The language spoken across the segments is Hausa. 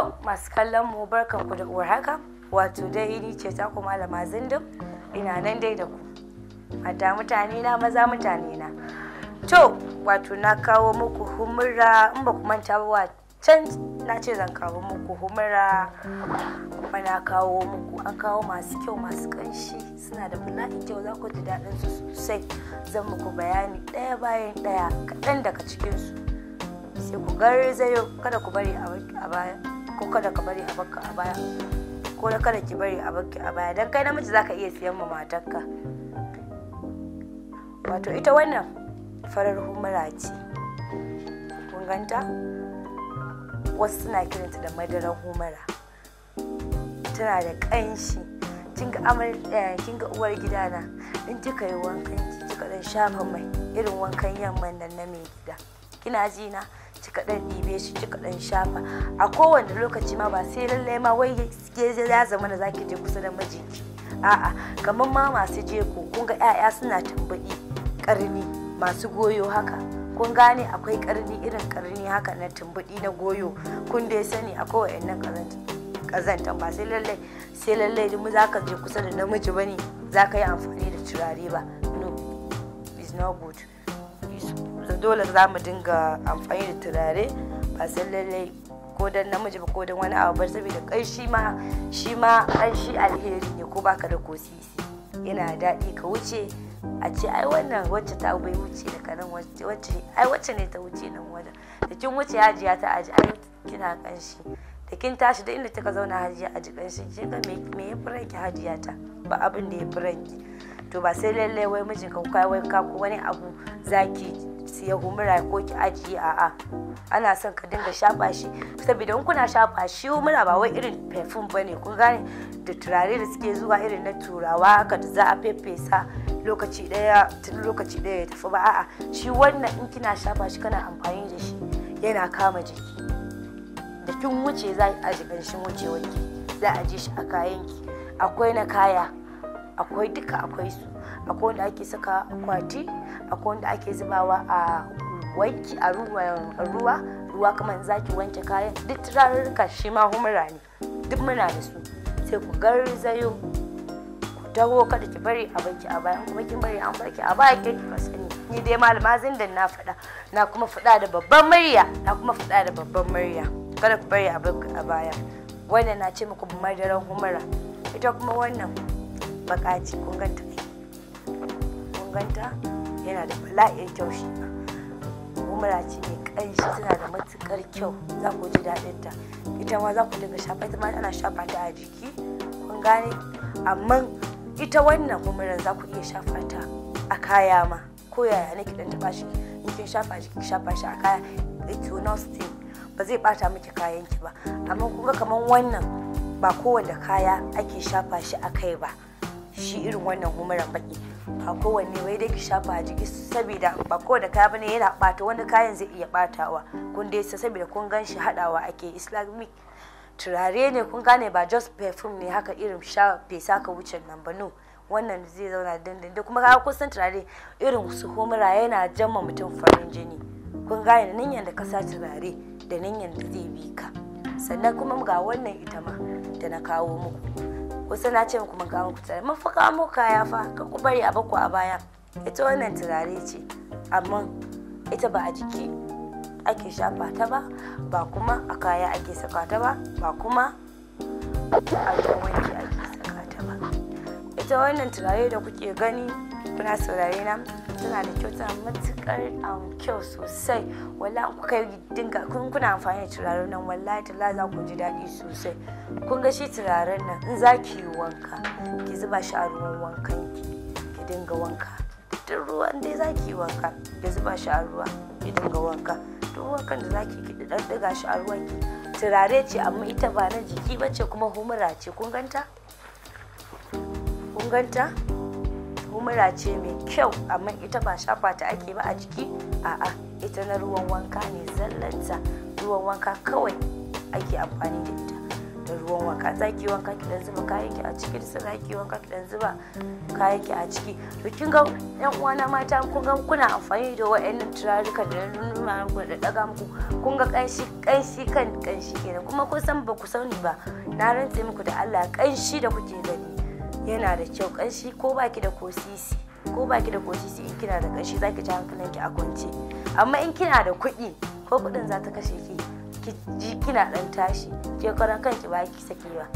To masu kallon mu barkan ku da uwar haka wato dai ni ce ta kuma malama zindin ina nan dai da ku. Mata mutane na maza mutane na. To wato na kawo muku humura in ba ku manta ba can na ce zan kawo muku humura kuma na kawo muku an kawo masu kyau masu kanshi suna da bala'in kyau za ku ji daɗin su sosai zan muku bayani ɗaya bayan ɗaya kaɗan daga cikinsu sai ku garzayo kada ku bari a baya ko kada ka bari a baka a baya ko da kada ki bari a baki a baya dan kai namiji zaka iya siyan ma matarka wato ita wannan farar humura ce kun ganta wasu suna kiranta da madarar humura tana da ƙanshi kinga amal eh, kinga uwar gidana in kika yi wankan kika dan shafa mai irin wankan yamman nan na mai gida kina ji na kika dan ɗibe shi ci dan shafa a kowane lokaci ma ba sai lallai ma wai ke ya zama da zaki je kusa da mijinki a'a kamar ma masu jeko kun ga 'ya'ya suna tambayi karni masu goyo haka kun gane akwai karni irin karni haka na tumbuɗi na goyo kun dai sani akwai wa'annan kazantan ba sai lallai sai lallai mu za ka je kusa da namiji bane za ka yi amfani da turare ba no is not good dole za mu dinga amfani da turare ba sai lallai ko dan namiji ba ko dan wani abu ba saboda kai shi ma shi ma an shi alheri ne ko baka da kosisi Ina yana daɗi ka wuce a ce ai wannan wacce ta bai wuce da kanan wacce ai wacce ne ta wuce nan wajen da kin wuce hajiya ta aji ai kina kanshi da kin tashi da inda kika zauna hajiya a jikin shi kin ga me ya furan ki hajiya ta ba abin da ya furan ki to ba sai lallai wai miji ka kai wai ka ko wani abu zaki su ya humura ko ki ajiye a'a ana son ka dinga shafa shi saboda in kuna shafa shi humura ba wai irin perfume bane kun gane da turare da suke zuwa irin na turawa haka da za a fefesa lokaci daya tun lokaci daya ya tafi ba a'a shi wannan in kina shafa shi kana amfani da shi yana kama jiki da kin wuce za a ji wuce wanki za a ji shi a kayanki akwai na kaya akwai duka akwai su akwai wanda ake saka akwati akwai wanda ake zubawa a wanki a ruwa ruwa kamar zaki wanke kayan duk turarurruka shi ma humura ne duk muna da su sai ku garzayo ku taho kada ki bari a banki a baya kuma kin bari an farki a baya ke kika sani ni dai malama zindan na faɗa na kuma faɗa da babban murya na kuma faɗa da babban murya kada ku bari a a baya wannan na ce muku madaran humura ita kuma wannan bakaci kun ganta kun ganta yana da bala'in taushi umara ce mai kanshi tana da matukar kyau za ku ji daɗin ta ita ma za ku dinga shafa ita ma tana shafa ta a jiki kun gane amma ita wannan umaran za ku iya shafa ta a kaya ma ko yaya ne ki dan taɓa shi in shafa jiki shafa shi a kaya it will not stay ba zai ɓata miki kayan ki ba amma kuma kamar wannan ba kowanne kaya ake shafa shi a kai ba shi irin wannan umaran baki a kowanne wai dai ki shafa a jiki saboda ba ko da kaya bane yana bata wani kayan zai iya batawa kun dai sa saboda kun gan shi hadawa ake islamic turare ne kun gane ba just perfume ne haka irin sha fesa ka wuce nan ba no wannan zai zauna dindin da kuma kaga kusan turare irin su humura yana jamma mutum farin jini kun gane nan yanda ka sa turare da nan yanda zai bi ka sannan kuma ga wannan ita ma da na kawo muku wasu na ce muku mun muku tare mun fa kaya fa ka ku bari a baku a baya ita wannan turare ce amma ita ba a jiki ake shafa ta ba ba kuma a kaya ake saka ta ba ba kuma a wanki ake saka ta ba ita wannan turare da kuke gani kuna saurare na tana da kyau tana matukar um, kyau sosai wala ku kai dinga kun kuna amfani da turaren nan wallahi ta za ku ji daɗi sosai kun ga shi turaren nan in za ki yi wanka ki zuba shi a ruwan wankan ki ki dinga wanka duk ruwan dai za ki yi wanka ki zuba shi a ruwa ki dinga wanka duk wankan da za ki ki dan shi a ruwan ki turare ce amma ita ba na jiki bace kuma humura ce kun ganta kun ganta humura ce mai kyau amma ita ba shafa ta ake ba a jiki a'a ita na ruwan wanka ne zallanta ruwan wanka kawai ake amfani da ita da ruwan wanka za ki wanka ki dan zuba kayan a ciki da za ki wanka ki dan zuba kayan a ciki to kin ga yan uwana mata kun ga kuna amfani da wayannan turaruka da nuna muku da daga muku kun ga kanshi kanshi kan kanshi kenan kuma kun san ba ku sani ba na rantse muku da Allah kanshi da kuke gani yana da kyau kanshi ko baki da kosisi ko baki da kosisi in kina da kanshi zaki ji hankalinki a kwance amma in kina da kuɗi ko kuɗin za ta kashe ki ji kina dan tashi ke karan kanki ba ki sake ba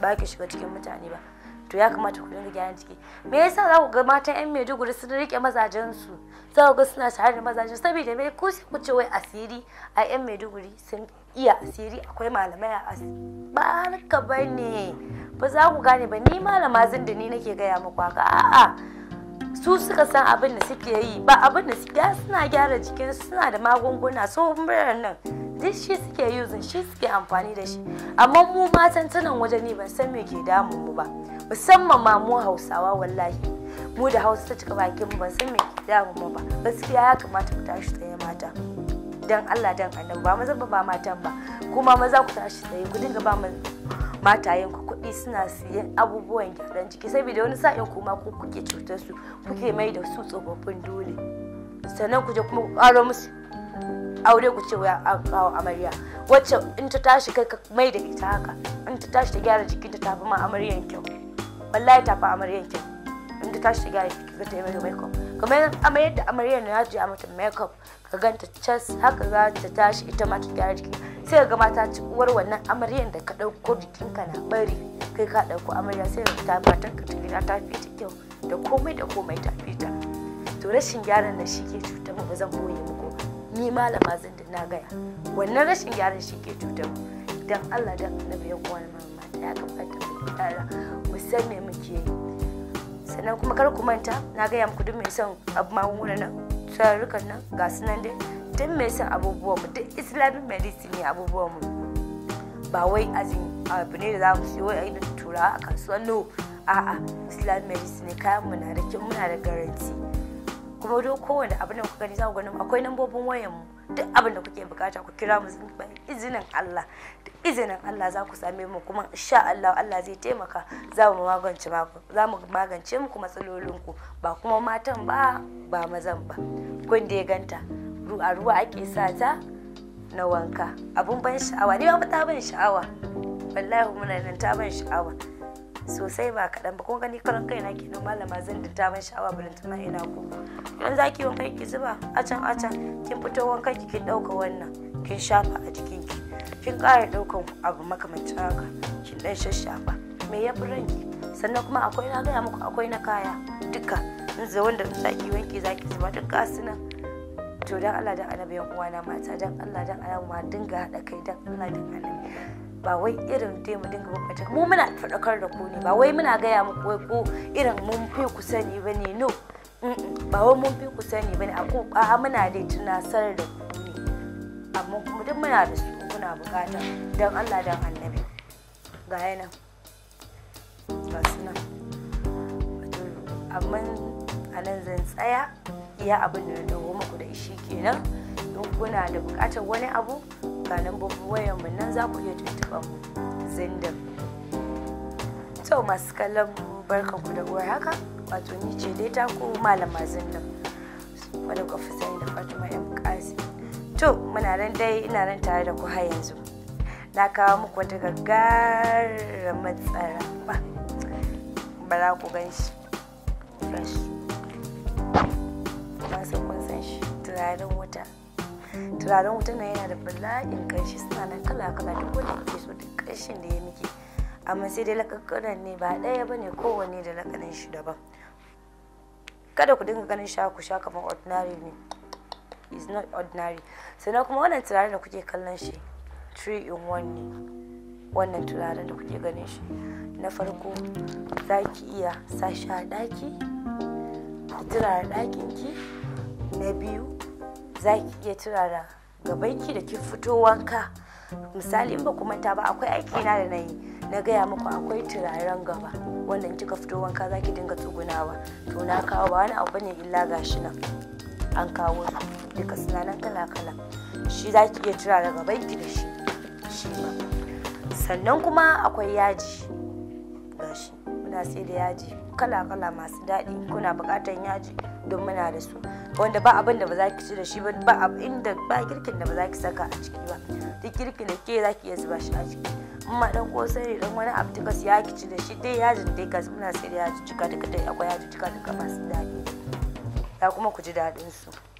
ba ki shiga cikin mutane ba to ya kamata ku dinga gyaran ciki me yasa za ku ga matan yan Maiduguri sun rike mazajen su za ga suna shahara da mazaje saboda me ko sai kuce wai asiri a yan maiduguri sun iya asiri akwai malamai a asiri ba haka bane ba za ku gane ba ni malama zin da ni nake gaya muku haka a'a su suka san abin da suke yi ba abin da suke suna gyara jikin suna da magunguna so murar nan duk shi suke yuzin shi suke amfani da shi amma mu matan tunan waje ne ban san me ke damu mu ba musamman ma mu hausawa wallahi mu da hausa ta cika bakin mu ban san me ke damu mu ba gaskiya ya kamata ku tashi tsaye mata dan Allah dan annabi ba maza ba matan ba kuma maza ku tashi tsaye ku dinga ba matayen ku kuɗi suna siyan abubuwan gyaran jiki saboda wani sa'in kuma ku kuke cutar su kuke mai da su tsofaffin dole sannan ku je kuma ku ƙaro musu aure ku ce waya kawo amarya wacce in ta tashi kai ka mai da ita haka in ta tashi ta gyara jikinta ta fi ma amaryan kyau wallahi ta fi amaryan kyau in ta tashi ga ta mata makeup kamar amma yadda amarya na ji a mata makeup ka ganta cas haka za ta tashi ita ma ta gyara jiki sai ga mata ci uwar wannan amaryar da ka ɗauko ka na bari kai ka dauko amarya sai ka ta fatan ka ta gida ta fita kyau da komai da komai ta fita. to rashin gyaran da shi ke cutar ba zan boye muku ni malama zan da na gaya wannan rashin gyaran shi ke cutar mu dan Allah dan annabi ya kowane mama ya kamata mu gyara mu san me muke yi sannan kuma kar ku manta na gaya muku duk mai son abu magunguna nan tsarurrukan nan ga sunan dai duk mai son abubuwan mu duk islamic medicine ne abubuwan mu ba wai azin abu ne da za mu siyo wai ayi yi turawa a kasuwa no a'a islamic medicine kayan mu na da kin muna da garanti kuma duk kowanne abu da kuka gani za ku gani akwai lambobin wayan mu duk abin da kuke bukata ku kira mu bai izinin Allah izinin Allah za ku same mu kuma insha Allah Allah zai taimaka za mu magance za mu magance muku matsalolinku ba kuma matan ba ba mazan ba kun da ganta ruwa ruwa ake sa ta na wanka abun ban sha'awa ne ba ta ban sha'awa wallahi muna nan ta ban sha'awa sosai ba kaɗan ba kun gani karan kaina kenan malama zan da ban sha'awa balantana ina ku idan za ki wanka ki zuba a can a can kin fito wanka ki kin ɗauka wannan kin shafa a jikin ki kin ƙara ɗaukan abu makamancin haka kin ɗan shashafa me ya ranki sannan kuma akwai na gaya muku akwai na kaya duka in za wanda in za ki wanke za ki zuba duk su nan to dan Allah dan annabi yan uwana mata dan Allah dan annabi ma dinga haɗa kai dan Allah dan annabi ba wai irin dai mu dinga bambanta mu muna faɗakar da ku ne ba wai muna gaya muku wai ko irin mun fi ku sani ba ne no ba wai mun fi ku sani ba ne a muna dai tunasar da ku ne amma kuma duk muna da su kuna bukata dan Allah dan annabi ga yana ga su nan amma a nan zan tsaya iya abin da na dawo muku da shi kenan in kuna da bukatar wani abu ga lambobin wayan mu nan za ku iya tuntuɓa mu zindir to masu kallon barkan ku da uwar haka wato ni ce dai ta ku malama zindir wani kwafi fi da fatima m kasi to muna nan dai ina nan tare da ku har yanzu na kawo muku wata gaggara matsara ba bara ku gan shi ba sai kun san shi turaren wuta turaren wutan na yana da bala'in kanshi suna nan kala kala duk wanda ke so duk kanshin da ya miki amma sai dai lakakkanan ne ba ɗaya ba ne kowanne da lakanin shi daban kada ku dinga ganin sha ku sha kamar ordinary ne is not ordinary sannan kuma wannan turaren da kuke kallon shi three in one ne wannan turaren da kuke ganin shi na farko za ki iya sa shi a ɗaki turaren ɗakin ki na biyu za ki iya turara gabanki da ki fito wanka misali in ba ku manta ba akwai aiki na da na yi na gaya muku akwai turaren gaba wannan kika fito wanka za ki dinga tsugunawa to na kawo ba wani abu ne illa gashi nan an kawo su duka suna nan kala kala shi za ki iya turara gabanki da shi shi ma sannan kuma akwai yaji gashi muna sai da yaji kala-kala masu daɗi kuna buƙatar yaji don muna da su wanda ba abin da ba za ki ci da shi ba ba inda ba girkin da ba za ki saka a ciki ba duk girkin da ke za ki iya zuba shi a ciki amma dan ko ne dan wani abu ta kasu ya ki ci da shi dai yajin dai ka muna sai da yaji cika duka dai akwai yaji cika duka masu daɗi ya kuma ku ji daɗin su.